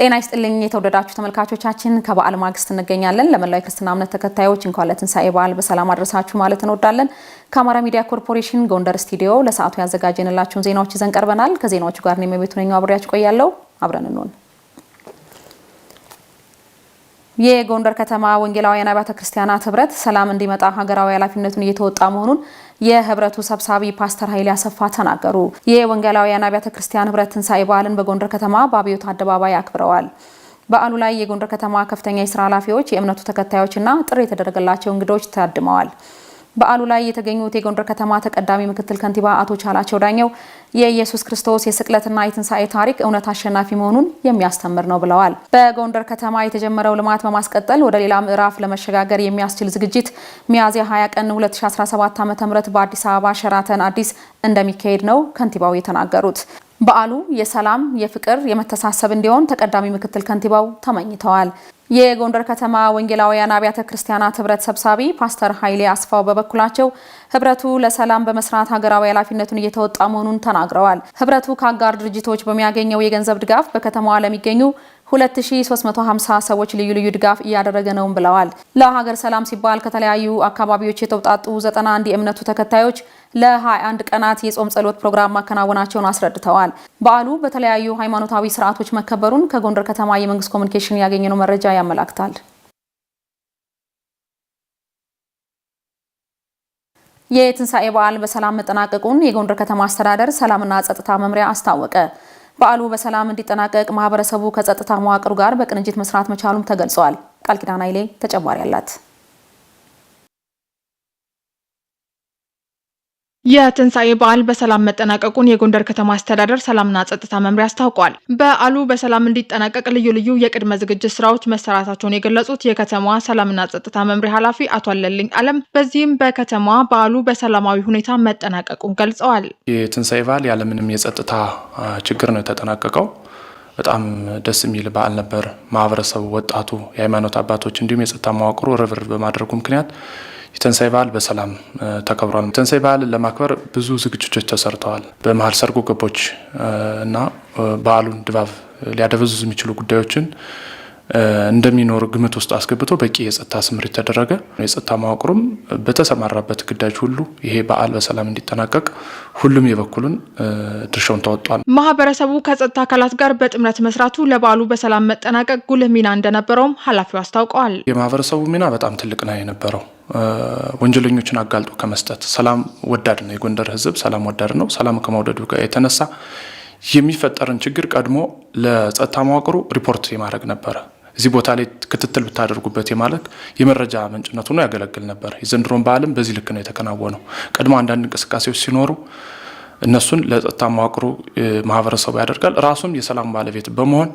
ጤና ይስጥልኝ የተወደዳችሁ ተመልካቾቻችን፣ ከበዓል ማግስት እንገኛለን። ለመላው የክርስትና እምነት ተከታዮች እንኳን ለትንሳኤ በዓል በሰላም አድረሳችሁ ማለት እንወዳለን። ከአማራ ሚዲያ ኮርፖሬሽን ጎንደር ስቱዲዮ ለሰዓቱ ያዘጋጀንላችሁን ዜናዎች ይዘን ቀርበናል። ከዜናዎቹ ጋር ነው የመቤቱ አብሬያችሁ ቆያለሁ። አብረን እንሆን የጎንደር ከተማ ወንጌላውያን አብያተ ክርስቲያናት ህብረት ሰላም እንዲመጣ ሀገራዊ ኃላፊነቱን እየተወጣ መሆኑን የህብረቱ ሰብሳቢ ፓስተር ኃይሌ አሰፋ ተናገሩ። የወንጌላውያን አብያተ ክርስቲያን ህብረት ትንሳኤ በዓልን በጎንደር ከተማ በአብዮት አደባባይ አክብረዋል። በዓሉ ላይ የጎንደር ከተማ ከፍተኛ የስራ ኃላፊዎች፣ የእምነቱ ተከታዮችና ጥሪ የተደረገላቸው እንግዶች ታድመዋል። በዓሉ ላይ የተገኙት የጎንደር ከተማ ተቀዳሚ ምክትል ከንቲባ አቶ ቻላቸው ዳኘው የኢየሱስ ክርስቶስ የስቅለትና የትንሣኤ ታሪክ እውነት አሸናፊ መሆኑን የሚያስተምር ነው ብለዋል። በጎንደር ከተማ የተጀመረው ልማት በማስቀጠል ወደ ሌላ ምዕራፍ ለመሸጋገር የሚያስችል ዝግጅት ሚያዝያ 20 ቀን 2017 ዓ.ም በአዲስ አበባ ሸራተን አዲስ እንደሚካሄድ ነው ከንቲባው የተናገሩት። በዓሉ የሰላም የፍቅር የመተሳሰብ እንዲሆን ተቀዳሚ ምክትል ከንቲባው ተመኝተዋል። የጎንደር ከተማ ወንጌላውያን አብያተ ክርስቲያናት ህብረት ሰብሳቢ ፓስተር ኃይሌ አስፋው በበኩላቸው ህብረቱ ለሰላም በመስራት ሀገራዊ ኃላፊነቱን እየተወጣ መሆኑን ተናግረዋል። ህብረቱ ከአጋር ድርጅቶች በሚያገኘው የገንዘብ ድጋፍ በከተማዋ ለሚገኙ 2350 ሰዎች ልዩ ልዩ ድጋፍ እያደረገ ነውም ብለዋል። ለሀገር ሰላም ሲባል ከተለያዩ አካባቢዎች የተውጣጡ 91 የእምነቱ ተከታዮች ለ21 ቀናት የጾም ጸሎት ፕሮግራም ማከናወናቸውን አስረድተዋል። በዓሉ በተለያዩ ሃይማኖታዊ ስርዓቶች መከበሩን ከጎንደር ከተማ የመንግስት ኮሚኒኬሽን ያገኘነው መረጃ ያመላክታል። የትንሣኤ በዓል በሰላም መጠናቀቁን የጎንደር ከተማ አስተዳደር ሰላምና ጸጥታ መምሪያ አስታወቀ። በዓሉ በሰላም እንዲጠናቀቅ ማህበረሰቡ ከጸጥታ መዋቅሩ ጋር በቅንጅት መስራት መቻሉም ተገልጿል። ቃል ኪዳን አይሌ ተጨማሪ አላት። የትንሣኤ በዓል በሰላም መጠናቀቁን የጎንደር ከተማ አስተዳደር ሰላምና ጸጥታ መምሪያ አስታውቋል። በዓሉ በሰላም እንዲጠናቀቅ ልዩ ልዩ የቅድመ ዝግጅት ስራዎች መሰራታቸውን የገለጹት የከተማዋ ሰላምና ጸጥታ መምሪያ ኃላፊ አቶ አለልኝ አለም በዚህም በከተማዋ በዓሉ በሰላማዊ ሁኔታ መጠናቀቁን ገልጸዋል። የትንሣኤ በዓል ያለምንም የጸጥታ ችግር ነው የተጠናቀቀው። በጣም ደስ የሚል በዓል ነበር። ማህበረሰቡ፣ ወጣቱ፣ የሃይማኖት አባቶች እንዲሁም የጸጥታ መዋቅሩ ርብርብ በማድረጉ ምክንያት የትንሳኤ በዓል በሰላም ተከብሯል። የትንሳኤ በዓልን ለማክበር ብዙ ዝግጅቶች ተሰርተዋል። በመሀል ሰርጎ ገቦች እና በዓሉን ድባብ ሊያደበዝዝ የሚችሉ ጉዳዮችን እንደሚኖር ግምት ውስጥ አስገብቶ በቂ የጸጥታ ስምሪት ተደረገ። የጸጥታ መዋቅሩም በተሰማራበት ግዳጅ ሁሉ ይሄ በዓል በሰላም እንዲጠናቀቅ ሁሉም የበኩሉን ድርሻውን ተወጧል። ማህበረሰቡ ከጸጥታ አካላት ጋር በጥምረት መስራቱ ለበዓሉ በሰላም መጠናቀቅ ጉልህ ሚና እንደነበረውም ኃላፊው አስታውቀዋል። የማህበረሰቡ ሚና በጣም ትልቅ ነው የነበረው ወንጀለኞችን አጋልጦ ከመስጠት ሰላም ወዳድ ነው። የጎንደር ህዝብ ሰላም ወዳድ ነው። ሰላም ከመውደዱ ጋር የተነሳ የሚፈጠርን ችግር ቀድሞ ለጸጥታ መዋቅሩ ሪፖርት የማድረግ ነበረ። እዚህ ቦታ ላይ ክትትል ብታደርጉበት የማለት የመረጃ ምንጭነት ሆኖ ያገለግል ነበር። የዘንድሮን በዓልም በዚህ ልክ ነው የተከናወነው። ቀድሞ አንዳንድ እንቅስቃሴዎች ሲኖሩ እነሱን ለጸጥታ መዋቅሩ ማህበረሰቡ ያደርጋል። ራሱም የሰላም ባለቤት በመሆን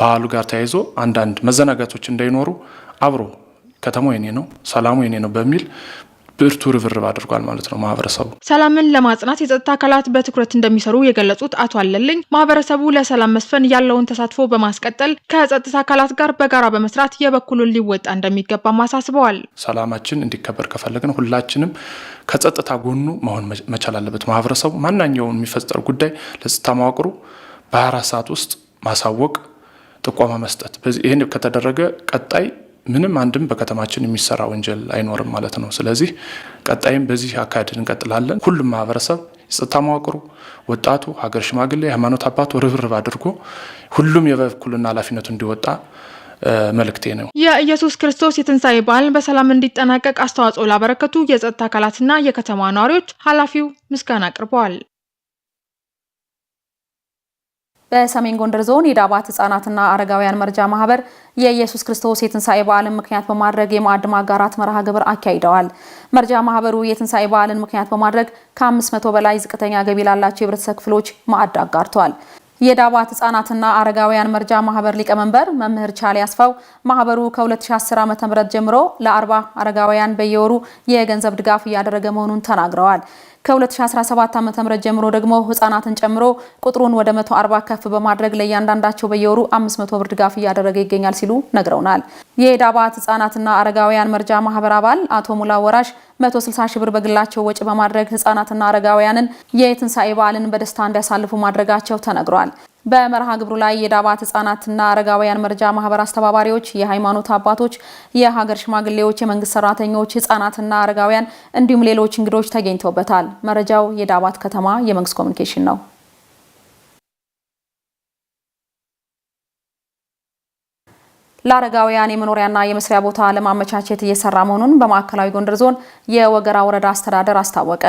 በዓሉ ጋር ተያይዞ አንዳንድ መዘናጋቶች እንዳይኖሩ አብሮ ከተማው የኔ ነው፣ ሰላሙ የኔ ነው በሚል ብርቱ ርብርብ አድርጓል ማለት ነው። ማህበረሰቡ ሰላምን ለማጽናት የጸጥታ አካላት በትኩረት እንደሚሰሩ የገለጹት አቶ አለልኝ ማህበረሰቡ ለሰላም መስፈን ያለውን ተሳትፎ በማስቀጠል ከጸጥታ አካላት ጋር በጋራ በመስራት የበኩሉን ሊወጣ እንደሚገባም አሳስበዋል። ሰላማችን እንዲከበር ከፈለግን ሁላችንም ከጸጥታ ጎኑ መሆን መቻል አለበት። ማህበረሰቡ ማናኛውን የሚፈጠር ጉዳይ ለጸጥታ መዋቅሩ በ24 ሰዓት ውስጥ ማሳወቅ፣ ጥቆማ መስጠት ይህን ከተደረገ ቀጣይ ምንም አንድም በከተማችን የሚሰራ ወንጀል አይኖርም ማለት ነው። ስለዚህ ቀጣይም በዚህ አካሄድ እንቀጥላለን። ሁሉም ማህበረሰብ የጸጥታ መዋቅሩ፣ ወጣቱ፣ ሀገር ሽማግሌ፣ ሃይማኖት አባቱ ርብርብ አድርጎ ሁሉም የበኩልና ኃላፊነቱ እንዲወጣ መልእክቴ ነው። የኢየሱስ ክርስቶስ የትንሣኤ በዓል በሰላም እንዲጠናቀቅ አስተዋጽኦ ላበረከቱ የጸጥታ አካላትና የከተማ ነዋሪዎች ኃላፊው ምስጋና አቅርበዋል። በሰሜን ጎንደር ዞን የዳባት ህጻናትና አረጋውያን መርጃ ማህበር የኢየሱስ ክርስቶስ የትንሣኤ በዓልን ምክንያት በማድረግ የማዕድ ማጋራት መርሃ ግብር አካሂደዋል። መርጃ ማህበሩ የትንሣኤ በዓልን ምክንያት በማድረግ ከ500 በላይ ዝቅተኛ ገቢ ላላቸው የህብረተሰብ ክፍሎች ማዕድ አጋርተዋል። የዳባት ህጻናትና አረጋውያን መርጃ ማህበር ሊቀመንበር መምህር ቻሌ አስፋው ማህበሩ ከ2010 ዓ.ም ጀምሮ ለ40 አረጋውያን በየወሩ የገንዘብ ድጋፍ እያደረገ መሆኑን ተናግረዋል። ከ2017 ዓ.ም ጀምሮ ደግሞ ህጻናትን ጨምሮ ቁጥሩን ወደ 140 ከፍ በማድረግ ለእያንዳንዳቸው በየወሩ 500 ብር ድጋፍ እያደረገ ይገኛል ሲሉ ነግረውናል። የዳባት ህጻናትና አረጋውያን መርጃ ማህበር አባል አቶ ሙላ ወራሽ 160 ሺህ ብር በግላቸው ወጪ በማድረግ ህጻናትና አረጋውያንን የትንሳኤ በዓልን በደስታ እንዲያሳልፉ ማድረጋቸው ተነግሯል። በመርሃ ግብሩ ላይ የዳባት ህጻናትና አረጋውያን መርጃ ማህበር አስተባባሪዎች፣ የሃይማኖት አባቶች፣ የሀገር ሽማግሌዎች፣ የመንግስት ሰራተኞች፣ ህጻናትና አረጋውያን እንዲሁም ሌሎች እንግዶች ተገኝተውበታል። መረጃው የዳባት ከተማ የመንግስት ኮሚኒኬሽን ነው። ለአረጋውያን የመኖሪያና የመስሪያ ቦታ ለማመቻቸት እየሰራ መሆኑን በማዕከላዊ ጎንደር ዞን የወገራ ወረዳ አስተዳደር አስታወቀ።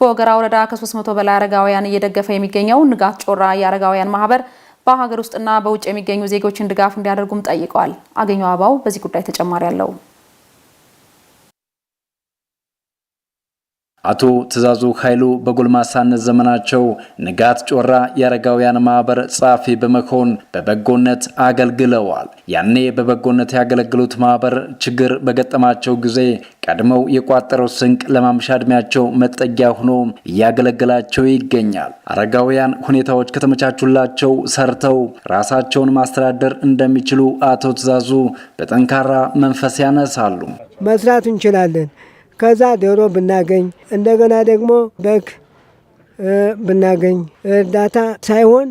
በወገራ ወረዳ ከ300 በላይ አረጋውያን እየደገፈ የሚገኘው ንጋት ጮራ የአረጋውያን ማህበር በሀገር ውስጥና በውጭ የሚገኙ ዜጎችን ድጋፍ እንዲያደርጉም ጠይቀዋል። አገኘው አባው በዚህ ጉዳይ ተጨማሪ አለው። አቶ ትዛዙ ኃይሉ በጎልማሳነት ዘመናቸው ንጋት ጮራ የአረጋውያን ማህበር ጸሐፊ በመሆን በበጎነት አገልግለዋል። ያኔ በበጎነት ያገለግሉት ማህበር ችግር በገጠማቸው ጊዜ ቀድመው የቋጠረው ስንቅ ለማምሻ ዕድሜያቸው መጠጊያ ሆኖ እያገለገላቸው ይገኛል። አረጋውያን ሁኔታዎች ከተመቻቹላቸው ሰርተው ራሳቸውን ማስተዳደር እንደሚችሉ አቶ ትዛዙ በጠንካራ መንፈስ ያነሳሉ። መስራት እንችላለን ከዛ ዶሮ ብናገኝ እንደገና ደግሞ በግ ብናገኝ እርዳታ ሳይሆን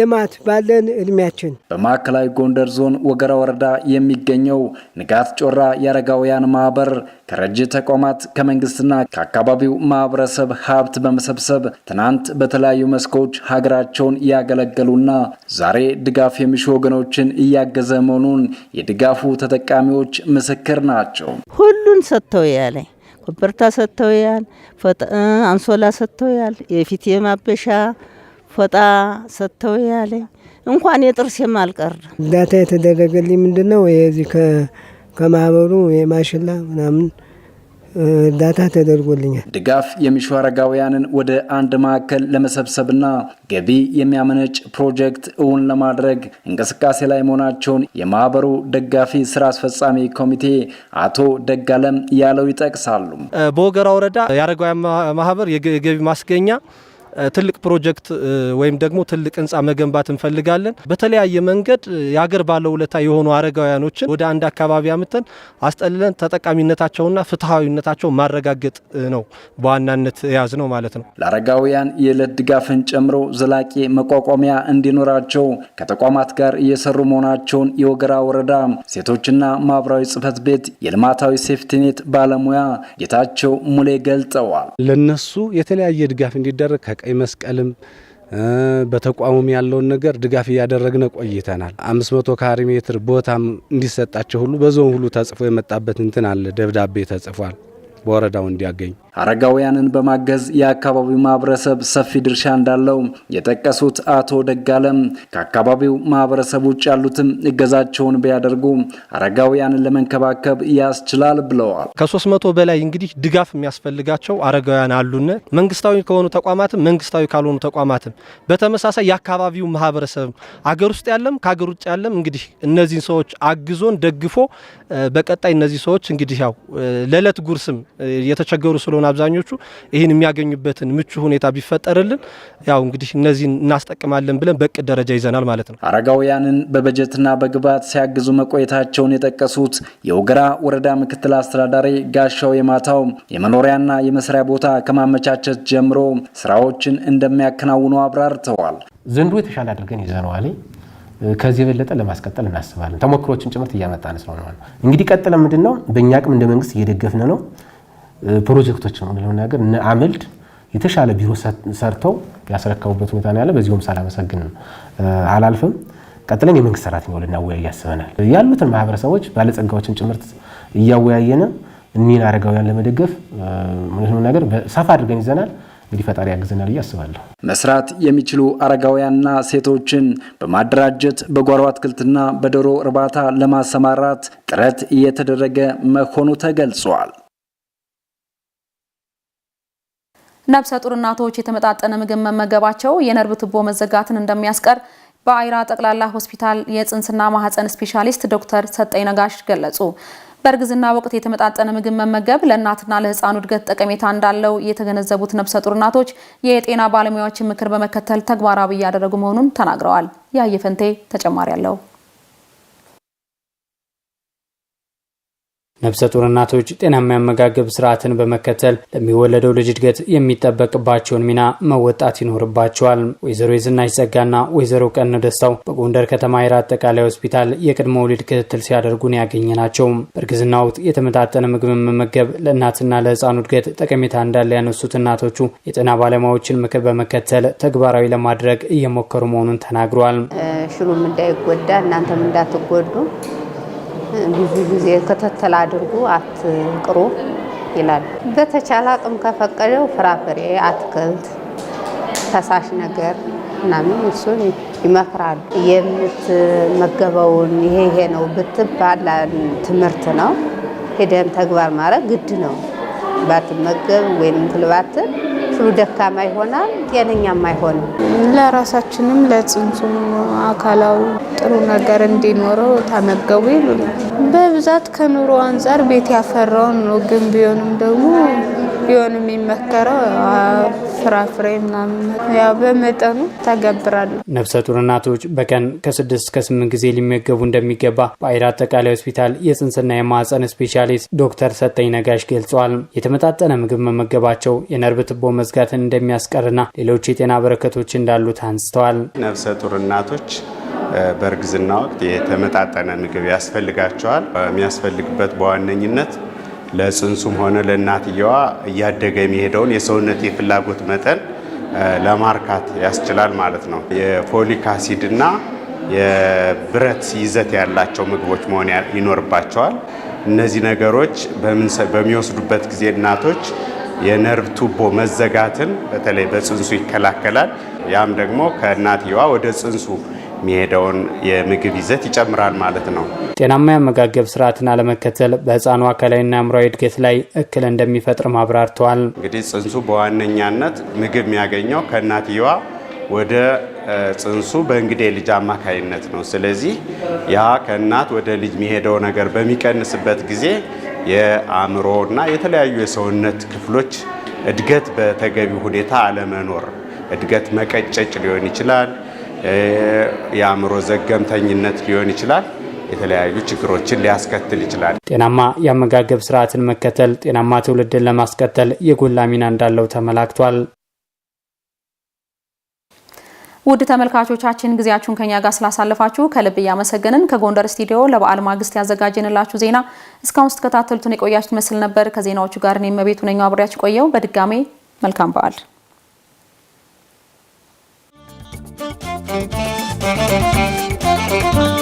ልማት ባለን እድሜያችን በማዕከላዊ ጎንደር ዞን ወገራ ወረዳ የሚገኘው ንጋት ጮራ የአረጋውያን ማህበር ከረጅ ተቋማት ከመንግስትና ከአካባቢው ማህበረሰብ ሀብት በመሰብሰብ ትናንት በተለያዩ መስኮች ሀገራቸውን እያገለገሉና ዛሬ ድጋፍ የሚሹ ወገኖችን እያገዘ መሆኑን የድጋፉ ተጠቃሚዎች ምስክር ናቸው። ሁሉን ሰጥተው ያለኝ ኮበርታ ሰጥተውያል፣ አንሶላ ሰጥተውያል፣ የፊት የማበሻ ፎጣ ሰጥተውያል። እንኳን የጥርሴም የማልቀር እርዳታ የተደረገልኝ ምንድን ነው የዚህ ከማህበሩ የማሽላ ምናምን እርዳታ ተደርጎልኛል። ድጋፍ የሚሹ አረጋውያንን ወደ አንድ ማዕከል ለመሰብሰብና ገቢ የሚያመነጭ ፕሮጀክት እውን ለማድረግ እንቅስቃሴ ላይ መሆናቸውን የማህበሩ ደጋፊ ስራ አስፈጻሚ ኮሚቴ አቶ ደጋለም ያለው ይጠቅሳሉ። በወገራ ወረዳ የአረጋውያን ማህበር የገቢ ማስገኛ ትልቅ ፕሮጀክት ወይም ደግሞ ትልቅ ህንፃ መገንባት እንፈልጋለን። በተለያየ መንገድ የሀገር ባለውለታ የሆኑ አረጋውያኖችን ወደ አንድ አካባቢ አምተን አስጠልለን ተጠቃሚነታቸውና ፍትሐዊነታቸው ማረጋገጥ ነው በዋናነት የያዝ ነው ማለት ነው። ለአረጋውያን የዕለት ድጋፍን ጨምሮ ዘላቂ መቋቋሚያ እንዲኖራቸው ከተቋማት ጋር እየሰሩ መሆናቸውን የወገራ ወረዳ ሴቶችና ማህበራዊ ጽህፈት ቤት የልማታዊ ሴፍቲኔት ባለሙያ ጌታቸው ሙሌ ገልጸዋል። ለነሱ የተለያየ ድጋፍ እንዲደረግ ቀይ መስቀልም በተቋሙም ያለውን ነገር ድጋፍ እያደረግነ ቆይተናል። መቶ ካሪ ሜትር ቦታም እንዲሰጣቸው ሁሉ በዞን ሁሉ ተጽፎ የመጣበት እንትን አለ፣ ደብዳቤ ተጽፏል። በወረዳው እንዲያገኝ አረጋውያንን በማገዝ የአካባቢው ማህበረሰብ ሰፊ ድርሻ እንዳለው የጠቀሱት አቶ ደጋለም ከአካባቢው ማህበረሰብ ውጭ ያሉትም እገዛቸውን ቢያደርጉ አረጋውያንን ለመንከባከብ ያስችላል ብለዋል። ከሶስት መቶ በላይ እንግዲህ ድጋፍ የሚያስፈልጋቸው አረጋውያን አሉነ መንግስታዊ ከሆኑ ተቋማትም መንግስታዊ ካልሆኑ ተቋማትም በተመሳሳይ የአካባቢው ማህበረሰብ አገር ውስጥ ያለም ከአገር ውጭ ያለም እንግዲህ እነዚህን ሰዎች አግዞን ደግፎ በቀጣይ እነዚህ ሰዎች እንግዲህ ያው ለዕለት ጉርስም የተቸገሩ ስለሆነ አብዛኞቹ ይህን የሚያገኙበትን ምቹ ሁኔታ ቢፈጠርልን ያው እንግዲህ እነዚህን እናስጠቅማለን ብለን በቅ ደረጃ ይዘናል ማለት ነው። አረጋውያንን በበጀትና በግብዓት ሲያግዙ መቆየታቸውን የጠቀሱት የውግራ ወረዳ ምክትል አስተዳዳሪ ጋሻው የማታው የመኖሪያና የመስሪያ ቦታ ከማመቻቸት ጀምሮ ስራዎችን እንደሚያከናውኑ አብራርተዋል። ዘንድሮ የተሻለ አድርገን ይዘነዋል። ከዚህ የበለጠ ለማስቀጠል እናስባለን። ተሞክሮችን ጭምርት እያመጣን ስለሆነ እንግዲህ ቀጥለ ምንድን ነው በእኛ አቅም እንደ መንግስት እየደገፍን ነው። ፕሮጀክቶች ነው ለመናገር እነ አምልድ የተሻለ ቢሮ ሰርተው ያስረከቡበት ሁኔታ ነው ያለ። በዚሁም ሳላመሰግን አላልፍም። ቀጥለን የመንግስት ሰራተኛው ልናወያይ ያስበናል። ያሉትን ማህበረሰቦች ባለጸጋዎችን ጭምርት እያወያየን እኒን አረጋውያን ለመደገፍ ነገር ሰፋ አድርገን ይዘናል። እንግዲህ ፈጣሪ ያግዘናል ብዬ አስባለሁ። መስራት የሚችሉ አረጋውያንና ሴቶችን በማደራጀት በጓሮ አትክልትና በዶሮ እርባታ ለማሰማራት ጥረት እየተደረገ መሆኑ ተገልጿል። ነብሰ ጡር እናቶች የተመጣጠነ ምግብ መመገባቸው የነርቭ ትቦ መዘጋትን እንደሚያስቀር በአይራ ጠቅላላ ሆስፒታል የጽንስና ማህፀን ስፔሻሊስት ዶክተር ሰጠኝ ነጋሽ ገለጹ። በእርግዝና ወቅት የተመጣጠነ ምግብ መመገብ ለእናትና ለህፃኑ እድገት ጠቀሜታ እንዳለው የተገነዘቡት ነብሰ ጡር እናቶች የጤና ባለሙያዎችን ምክር በመከተል ተግባራዊ እያደረጉ መሆኑን ተናግረዋል። ያየፈንቴ ተጨማሪ አለው። ነፍሰ ጡር እናቶች ጤናማ የአመጋገብ ስርዓትን በመከተል ለሚወለደው ልጅ እድገት የሚጠበቅባቸውን ሚና መወጣት ይኖርባቸዋል። ወይዘሮ የዝናሽ ጸጋና ወይዘሮ ቀን ደስታው በጎንደር ከተማ የራ አጠቃላይ ሆስፒታል የቅድመ ወሊድ ክትትል ሲያደርጉን ያገኘ ናቸው። በእርግዝና ወቅት የተመጣጠነ ምግብ መመገብ ለእናትና ለህፃኑ እድገት ጠቀሜታ እንዳለ ያነሱት እናቶቹ የጤና ባለሙያዎችን ምክር በመከተል ተግባራዊ ለማድረግ እየሞከሩ መሆኑን ተናግሯል። ሽሉም እንዳይጎዳ እናንተም እንዳትጎዱ ብዙ ጊዜ ክትትል አድርጉ አትቅሩ ይላል በተቻለ አቅም ከፈቀደው ፍራፍሬ፣ አትክልት፣ ፈሳሽ ነገር ምናምን እሱን ይመክራሉ። የምትመገበውን ይሄ ይሄ ነው ብትባል ትምህርት ነው ሄደን ተግባር ማድረግ ግድ ነው። ባትመገብ ወይም ትልባትን ቁስሉ ደካማ ይሆናል፣ ጤነኛም አይሆንም። ለራሳችንም ለጽንሱ አካላዊ ጥሩ ነገር እንዲኖረው ተመገቡ በብዛት ከኑሮ አንጻር ቤት ያፈራውን ነው፣ ግን ቢሆንም ደግሞ ቢሆን የሚመከረው ፍራፍሬ ምናምን ያው በመጠኑ ተገብራሉ። ነፍሰ ጡር እናቶች በቀን ከስድስት ከስምንት እስከ ጊዜ ሊመገቡ እንደሚገባ በአይራ አጠቃላይ ሆስፒታል የጽንስና የማህፀን ስፔሻሊስት ዶክተር ሰጠኝ ነጋሽ ገልጸዋል። የተመጣጠነ ምግብ መመገባቸው የነርቭ ትቦ መዝጋትን እንደሚያስቀርና ሌሎች የጤና በረከቶች እንዳሉት አንስተዋል። ነፍሰ ጡር እናቶች በእርግዝና ወቅት የተመጣጠነ ምግብ ያስፈልጋቸዋል። የሚያስፈልግበት በዋነኝነት ለጽንሱም ሆነ ለእናትየዋ እያደገ የሚሄደውን የሰውነት የፍላጎት መጠን ለማርካት ያስችላል ማለት ነው። የፎሊክ አሲድ እና የብረት ይዘት ያላቸው ምግቦች መሆን ይኖርባቸዋል። እነዚህ ነገሮች በሚወስዱበት ጊዜ እናቶች የነርቭ ቱቦ መዘጋትን በተለይ በጽንሱ ይከላከላል። ያም ደግሞ ከእናትየዋ ወደ ጽንሱ የሚሄደውን የምግብ ይዘት ይጨምራል ማለት ነው። ጤናማ የአመጋገብ ስርዓትን አለመከተል በህፃኑ አካላዊና አእምሯዊ እድገት ላይ እክል እንደሚፈጥር ማብራርተዋል። እንግዲህ ጽንሱ በዋነኛነት ምግብ የሚያገኘው ከእናትየዋ ወደ ጽንሱ በእንግዴ ልጅ አማካይነት ነው። ስለዚህ ያ ከእናት ወደ ልጅ የሚሄደው ነገር በሚቀንስበት ጊዜ የአእምሮ እና የተለያዩ የሰውነት ክፍሎች እድገት በተገቢ ሁኔታ አለመኖር፣ እድገት መቀጨጭ ሊሆን ይችላል። የአእምሮ ዘገምተኝነት ሊሆን ይችላል። የተለያዩ ችግሮችን ሊያስከትል ይችላል። ጤናማ የአመጋገብ ስርዓትን መከተል ጤናማ ትውልድን ለማስቀጠል የጎላ ሚና እንዳለው ተመላክቷል። ውድ ተመልካቾቻችን ጊዜያችሁን ከኛ ጋር ስላሳለፋችሁ ከልብ እያመሰገንን ከጎንደር ስቱዲዮ ለበዓል ማግስት ያዘጋጀንላችሁ ዜና እስካሁን ስትከታተሉትን የቆያችሁ ይመስል ነበር። ከዜናዎቹ ጋር እኔ እመቤቱ ነኝ አብሬያችሁ ቆየው። በድጋሜ መልካም በዓል Thank you.